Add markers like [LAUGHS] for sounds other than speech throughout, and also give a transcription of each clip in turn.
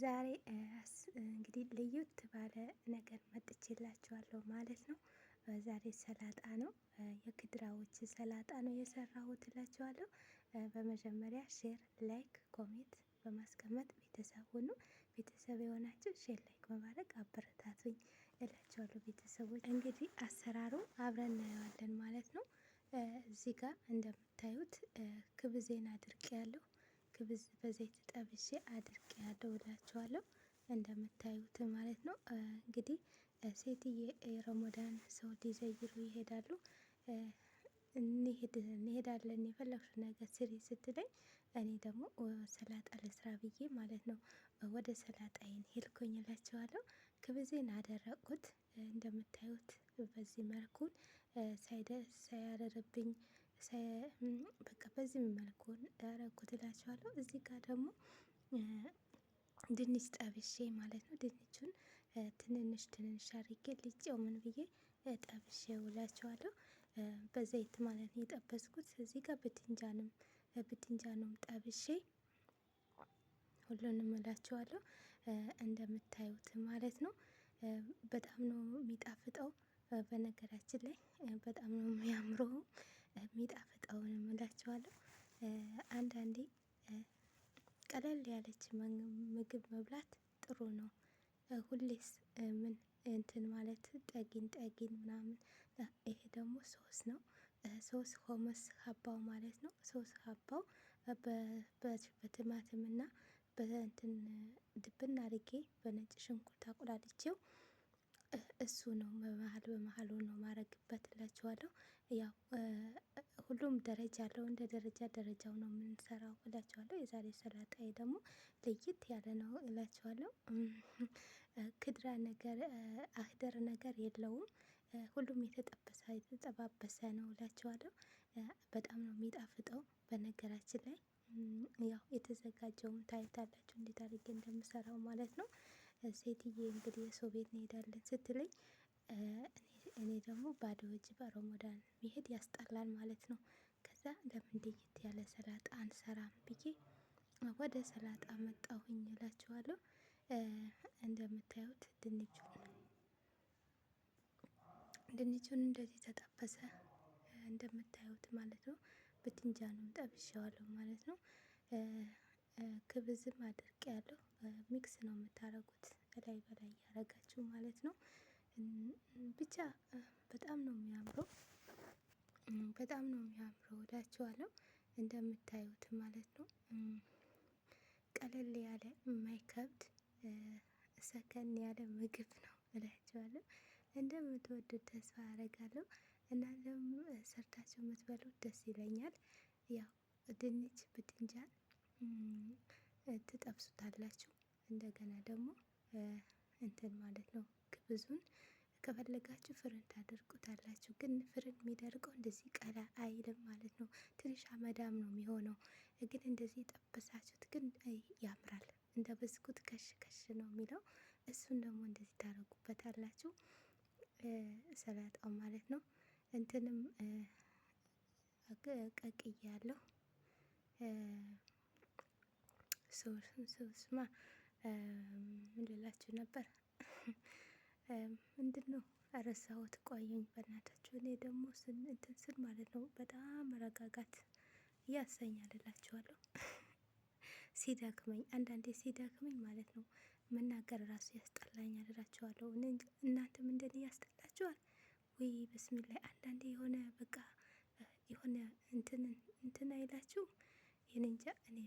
ዛሬ እንግዲህ ለየት ባለ ነገር መጥቼላችኋለሁ ማለት ነው። ዛሬ ሰላጣ ነው፣ የክድራዎች ሰላጣ ነው የሰራሁት እላችኋለሁ። በመጀመሪያ ሼር፣ ላይክ፣ ኮሜንት በማስቀመጥ ቤተሰብ ሁኑ። ቤተሰብ የሆናችሁ ሼር፣ ላይክ በማድረግ አበረታቱኝ እላችኋለሁ። ቤተሰቦች እንግዲህ አሰራሩ አብረን እናየዋለን ማለት ነው። እዚህ ጋር እንደምታዩት ክብዜን አድርጌ ያለሁ ክብዝ በዘይት ጠብሼ አድርቅ ያለው እላችኋለሁ። እንደምታዩት ማለት ነው እንግዲህ ሴትዬ የረመዳን ሰው ሊዘይሩ ይሄዳሉ። እንሄዳለን የፈለግሽ ነገር ስሪ ስትለኝ እኔ ደግሞ ሰላጣ ለስራ ብዬ ማለት ነው ወደ ሰላጣዬን ሄድኩኝ እላችኋለሁ። ክብዜን አደረቁት እንደምታዩት በዚህ መልኩ ሳይደርስ ሳያደርብኝ በቃ በዚህ መልኩ ያረኩት እላችኋለሁ። እዚህ ጋር ደግሞ ድንች ጠብሼ ማለት ነው። ድንቹን ትንንሽ ትንንሽ አድርጌ ልጬው ምን ብዬ ጠብሼ ውላቸዋለሁ። በዘይት ማለት ነው የጠበስኩት። እዚህ ጋር ብትንጃንም ብትንጃንም ጠብሼ ሁሉንም እላችኋለሁ እንደምታዩት ማለት ነው። በጣም ነው የሚጣፍጠው። በነገራችን ላይ በጣም ነው የሚያምረው። የሚጣፍጠውንም እላችኋለሁ። አንዳንዴ ቀለል ያለች ምግብ መብላት ጥሩ ነው። ሁሌስ ምን እንትን ማለት ጠጊን ጠጊን ምናምን ይሄ ደግሞ ሶስ ነው። ሶስ ሆመስ ሀባው ማለት ነው። ሶስ ሀባው በቲማቲም እና በእንትን ድብን አድርጌ በነጭ ሽንኩርት አቁላልቼው እሱ ነው በመሀል በመሀሉ ነው ማረግበት እላችኋለሁ። ያው ሁሉም ደረጃ አለው እንደ ደረጃ ደረጃው ነው የምንሰራው እላችኋለሁ። የዛሬ ሰላጣዬ ደግሞ ለየት ያለ ነው እላችኋለሁ። ክድራ ነገር አህደር ነገር የለውም። ሁሉም የተጠበሰ የተጠባበሰ ነው እላችኋለሁ። በጣም ነው የሚጣፍጠው በነገራችን ላይ ያው የተዘጋጀውን ታይታላችሁ እንዴት አድርጌ እንደምሰራው ማለት ነው። ሴትዬ እንግዲህ የሰው ቤት እንሄዳለን ስትለኝ እኔ ደግሞ ባዶ እጅ በረመዳን መሄድ ያስጠላል ማለት ነው። ከዛ ለምን ለየት ያለ ሰላጣ አንሰራም ብዬ ወደ ሰላጣ መጣሁኝ እላችኋለሁ። እንደምታዩት ድንቹን ድንቹን እንደዚህ ተጠበሰ እንደምታዩት ማለት ነው። በትንጃኑም ጠብሼዋለሁ ማለት ነው። ክብዝም ያለው ሚክስ ነው የምታደርጉት እላይ በላይ እያደረጋችሁ ማለት ነው። ብቻ በጣም ነው የሚያምረው በጣም ነው የሚያምረው እላችኋለሁ። እንደምታዩት ማለት ነው። ቀለል ያለ የማይከብድ ሰከን ያለ ምግብ ነው እላችኋለሁ። እንደምትወዱት ተስፋ አደርጋለሁ። እናንተም ሰርታችሁ የምትበሉት ደስ ይለኛል። ያው ድንች ብትንጃል ትጠብሱታላችሁ። እንደገና ደግሞ እንትን ማለት ነው ግብዙን ከፈለጋችሁ ፍርን ታደርጉታላችሁ። ግን ፍርን የሚደርቀው እንደዚህ ቀላ አይልም ማለት ነው። ትንሽ አመዳም ነው የሚሆነው። ግን እንደዚህ የጠበሳችሁት ግን ያምራል። እንደ ብስኩት ከሽ ከሽ ነው የሚለው። እሱን ደግሞ እንደዚህ ታደርጉበታላችሁ። ሰላጣው ማለት ነው። እንትንም ቀቅዬ ያለው ሰውስማ ምን ነበር? ምንድን ነው ረሳሁት። ቆየኝ በእናታችሁ። እኔ ደግሞ እንትን ስል ማለት ነው በጣም መረጋጋት እያሰኛል እላችኋለሁ። [LAUGHS] ሲደክመኝ አንዳንዴ ሲደክመኝ ማለት ነው መናገር ራሱ ያስጠላኛል እላችኋለሁ። እናንተም እንደኔ ያስጠላችኋል ወይ? በስሚላ አንዳንዴ የሆነ በቃ የሆነ እንትን እንትን አይላችሁ? ይህን እንጃ እኔ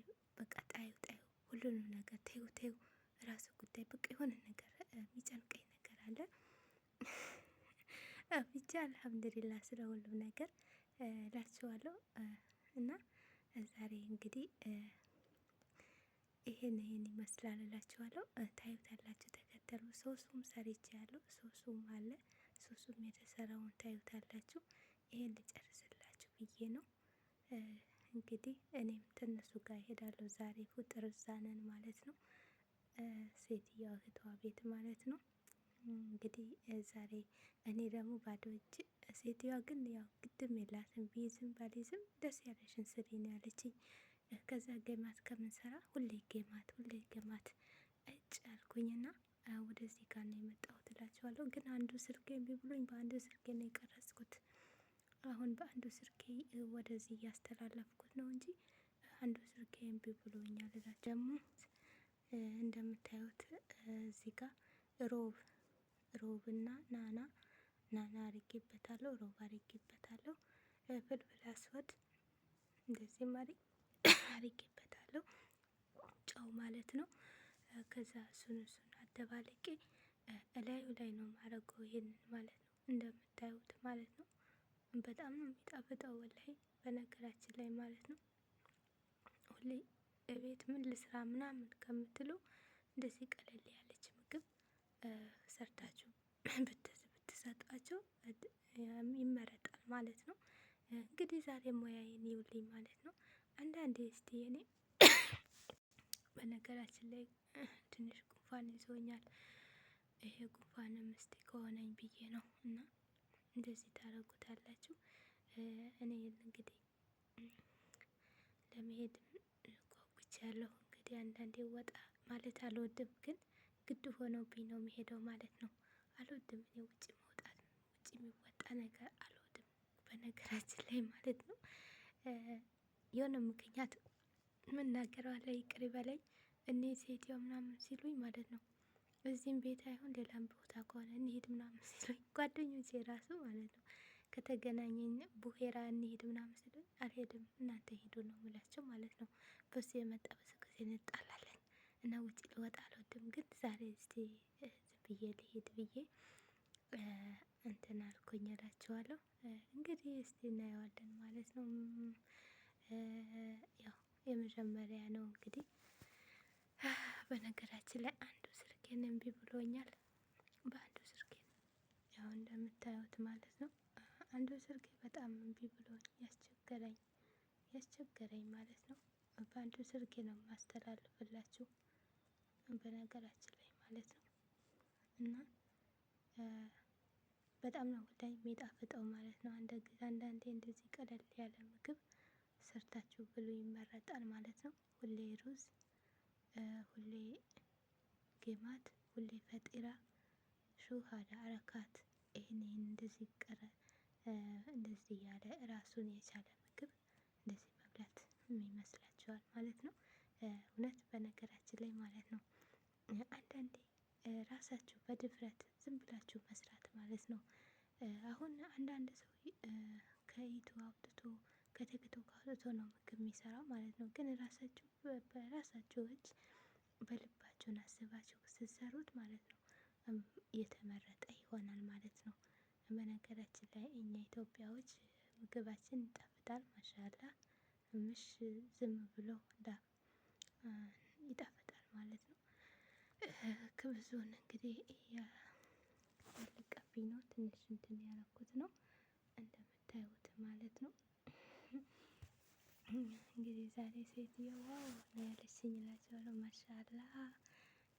አልሐምዱሊላ ስለ ሁሉም ነገር ላችኋለሁ እና ዛሬ እንግዲህ ይሄን ይሄን ይመስላል ላችኋለሁ። ታዩታላችሁ ተከተሉ። ሶሱም ሰርቼ ያለው ሶሱም አለ ሶሱም የተሰራውን ታዩታላችሁ። ይሄን ልጨርስላችሁ ብዬ ነው እንግዲህ እኔም ትንሱ ጋር እሄዳለሁ ዛሬ ፍጥር እዛ ነን ማለት ነው። ሴትዮዋ እህቷ ቤት ማለት ነው። እንግዲህ ዛሬ እኔ ደግሞ ባዶ እጅ፣ ሴትዮዋ ግን ያው ግድም የላትም ቢይዝም ባልይዝም ደስ ያለሽን ስሪ ነው ያለችኝ። ከዛ ጌማት ከምንሰራ ሁሌ ጌማት ሁሌ ጌማት እጭ አልኩኝና ወደዚህ ጋር ነው የመጣሁት እላችኋለሁ። ግን አንዱ ስልኬ እምቢ ብሎኝ በአንዱ ስልኬ ነው የቀረጽኩት። አሁን በአንዱ ስልኬ ወደዚህ እያስተላለፍኩት ነው እንጂ አንዱ ስልኬ እምቢ ብሎኛል። እዛ ደግሞ እንደምታዩት እዚህ ጋር ሮብ ሮብና ናና ናና አርጌበታለሁ፣ ሮብ አርጌበታለሁ፣ ፍልፍል አስወድ እንደዚህም [COUGHS] አርጌበታለሁ፣ ጨው ማለት ነው። ከዛ እሱን እሱን አደባለቄ እላዩ ላይ ነው ማረገው ይሄንን ማለት ነው፣ እንደምታዩት ማለት ነው። በጣም ነው የሚጣፍጠው ወላሂ በነገራችን ላይ ማለት ነው። ሁሌ እቤት ምን ልስራ ምናምን ከምትሉ እንደዚህ ቀለል ሰርታችሁ [CLEARS THROAT] ብትሰጧቸው ይመረጣል ማለት ነው። እንግዲህ ዛሬ ሙያዬን ይውልኝ ማለት ነው። አንዳንዴ እስቲ እኔ [CLEARS THROAT] በነገራችን ላይ [CLEARS THROAT] ትንሽ ጉንፋን ይዞኛል። ይሄ ጉንፋንም እስቲ ከሆነኝ ብዬ ነው እና እንደዚህ ታደርጉታላችሁ። እኔ እንግዲህ ለመሄድ ጓጉቻለሁ። እንግዲህ አንዳንዴ ወጣ ማለት አልወድም ግን ግድ ሆኖብኝ ነው የሚሄደው ማለት ነው። አልወድም እኔ ውጭ መውጣት ውጭ የሚወጣ ነገር አልወድም በነገራችን ላይ ማለት ነው። የሆነ ምክንያት የምናገረው አለ ይቅር ይበለኝ እኔ ሴትዮ ምናምን ሲሉኝ ማለት ነው። እዚህም ቤት አይሆን ሌላም ቦታ ከሆነ እንሄድ ምናምን ሲሉኝ ጓደኞች ራሱ ማለት ነው። ከተገናኘን ቡሄራ እንሄድ ምናምን ሲሉኝ አልሄድም እናንተ ሄዱ ነው የምላቸው ማለት ነው። በሱ የመጣ ብዙ ጊዜ እንጣላለን እና ውጭ ልወጣ አልወድም፣ ግን ዛሬ እስቲ ዝም ብዬ ልሄድ ብዬ እንትን አልኩኝ እላችኋለሁ። እንግዲህ እስቲ እናየዋለን ማለት ነው። ያው የመጀመሪያ ነው እንግዲህ። በነገራችን ላይ አንዱ ስልኬን እምቢ ብሎኛል። በአንዱ ስልኬን ያው እንደምታዩት ማለት ነው። አንዱ ስልኬ በጣም እምቢ ብሎ ያስቸገረኝ ያስቸገረኝ ማለት ነው። በአንዱ ስልኬ ነው የማስተላልፍላችሁ በነገራችን ላይ ማለት ነው። እና በጣም ነው ጉዳይ የሚጣፍጠው ማለት ነው። አንዳንዴ እንደዚህ ቀለል ያለ ምግብ ሰርታችሁ ብሎ ይመረጣል ማለት ነው። ሁሌ ሩዝ፣ ሁሌ ጌማት፣ ሁሌ ፈጢራ ሹሃዳ አረካት ይህን ይህን እንደዚህ ቀረ እንደዚህ ያለ ራሱን የቻለ ምግብ እንደዚህ መብላት ምን ይመስላል? ይዟል ማለት ነው። እውነት በነገራችን ላይ ማለት ነው አንዳንዴ ራሳችሁ በድፍረት ዝም ብላችሁ መስራት ማለት ነው። አሁን አንዳንድ ሰው ከዩቱብ አውጥቶ ከቲክቶክ አውጥቶ ነው ምግብ የሚሰራው ማለት ነው። ግን ራሳችሁ በራሳችሁ እጅ በልባችሁን አስባችሁ ስትሰሩት ማለት ነው የተመረጠ ይሆናል ማለት ነው። በነገራችን ላይ እኛ ኢትዮጵያዎች ምግባችን ይጣፍጣል ማሻላ ምሽ ዝም ብሎ ይጣፍጣል ማለት ነው። ክብዙን እንግዲህ ያለቀብኝ ነው ትንሽ እንትን ያደረኩት ነው እንደምታዩት ማለት ነው። እንግዲህ ዛሬ ሴትየዋ ነው ያለችኝ እላቸዋለሁ። ማሻላ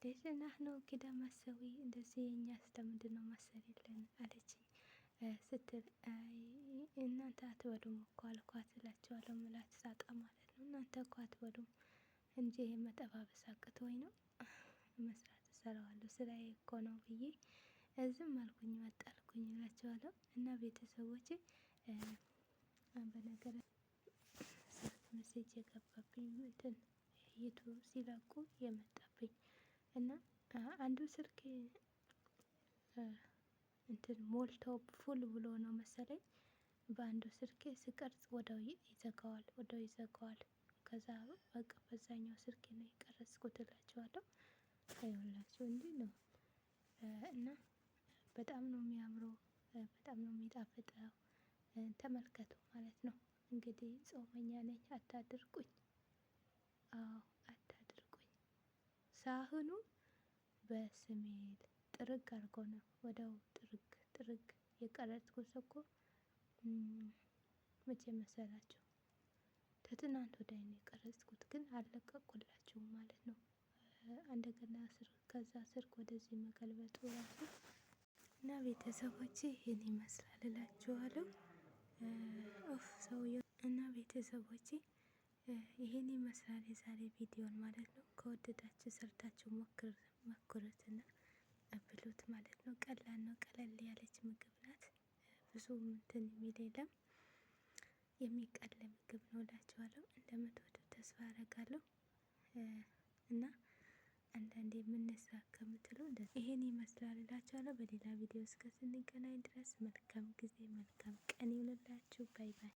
ደህና ነው ኪዳ ማሰሪ እንደዚህ የኛ ስተምንድን ነው አለችኝ። ስትል እናንተ አትወዱም እኮ አልኳት እላቸዋለሁ። ምላት ሳቃ ማለት ነው። እናንተ እኮ አትወዱም እንጂ መጠባበስ አቅቶኝ ነው መስራት እሰራዋለሁ። ስራዬ እኮ ነው ብዬ ዝም አልኩኝ መጣልኩኝ እላቸዋለሁ። እና ቤተሰቦቼ በነገር ስልክ መሴጅ የገባብኝ እንትን ይቱ ሲለቁ የመጣብኝ እና አንዱ ስልክ እንትን ሞልቶ ፉል ብሎ ነው መሰለኝ በአንዱ ስልኬ ስቀርጽ ወዳው ይዘጋዋል ወዳው ይዘጋዋል። ከዛ በቃ በዛኛው ስልኬ ነው የቀረጽኩት እላችኋለሁ። ይኸውላችሁ እንዲህ ነው እና በጣም ነው የሚያምረው፣ በጣም ነው የሚጣፍጠው። ተመልከቱ ማለት ነው እንግዲህ ጾመኛ ነኝ አታድርቁኝ። አዎ አታድርቁኝ። ሳህኑ በስሜል ጥርግ አድርገው ነው ወደው ጥርግ ጥርግ የቀረጥኩት እኮ መቼ መሰላችሁ? ከትናንት ወዲያ ነው የቀረጽኩት፣ ግን አልለቀቁላችሁም ማለት ነው። እንደገና ስር ከዛ ስልክ ወደዚህ መገልበጡ ራሱ እና ቤተሰቦች ይህን ይመስላል እላችኋለሁ። ኦፍ ሰውየው እና ቤተሰቦች ይህን ይመስላል የዛሬ ቪዲዮን ማለት ነው። ከወደዳችሁ ሰርታችሁ ሞክሩትና ብሉት ማለት ነው። ቀላል ነው። ቀለል ያለች ምግብ ናት። ብዙ እንትን የሚል የለም። የሚቀል ምግብ ነው እላችኋለሁ። እንደምትወዱ ተስፋ አደርጋለሁ እና አንዳንዴ የምንሳካ የምትሉ ይሄን ይመስላል እላችኋለሁ። በሌላ ቪዲዮ እስከ ስንገናኝ ድረስ መልካም ጊዜ መልካም ቀን ይሁንላችሁ። ባይ ባይ።